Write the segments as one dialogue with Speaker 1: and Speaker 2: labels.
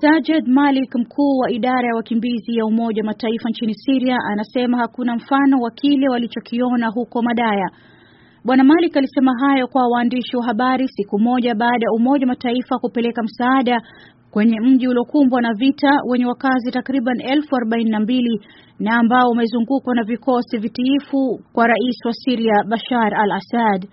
Speaker 1: Sajed Malik, mkuu wa idara ya wakimbizi ya Umoja wa Mataifa nchini Syria, anasema hakuna mfano wa kile walichokiona huko Madaya. Bwana Malik alisema hayo kwa waandishi wa habari siku moja baada ya Umoja wa Mataifa kupeleka msaada kwenye mji uliokumbwa na vita wenye wakazi takriban elfu arobaini na mbili na ambao umezungukwa na vikosi vitiifu kwa rais wa Syria Bashar al-Assad.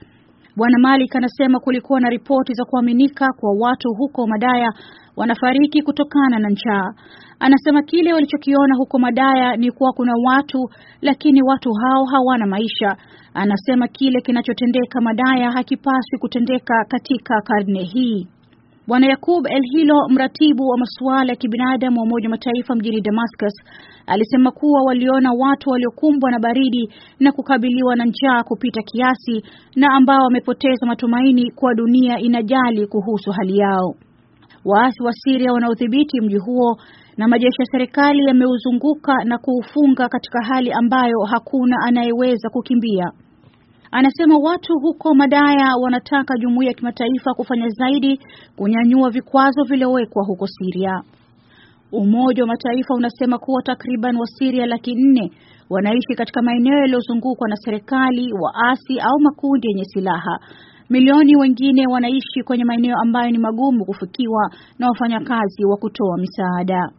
Speaker 1: Bwana Malik anasema kulikuwa na ripoti za kuaminika kwa watu huko Madaya wanafariki kutokana na njaa. Anasema kile walichokiona huko Madaya ni kuwa kuna watu lakini watu hao hawana maisha. Anasema kile kinachotendeka Madaya hakipaswi kutendeka katika karne hii. Bwana Yakub El-Hilo, mratibu wa masuala ya kibinadamu wa Umoja wa Mataifa mjini Damascus, alisema kuwa waliona watu waliokumbwa na baridi na kukabiliwa na njaa kupita kiasi na ambao wamepoteza matumaini kwa dunia inajali kuhusu hali yao. Waasi wa Syria wanaodhibiti mji huo na majeshi ya serikali yameuzunguka na kuufunga katika hali ambayo hakuna anayeweza kukimbia. Anasema watu huko Madaya wanataka jumuiya ya kimataifa kufanya zaidi kunyanyua vikwazo vilivyowekwa huko Siria. Umoja wa Mataifa unasema kuwa takriban Wasiria laki nne wanaishi katika maeneo yaliyozungukwa na serikali, waasi au makundi yenye silaha. Milioni wengine wanaishi kwenye maeneo ambayo ni magumu kufikiwa na wafanyakazi wa kutoa misaada.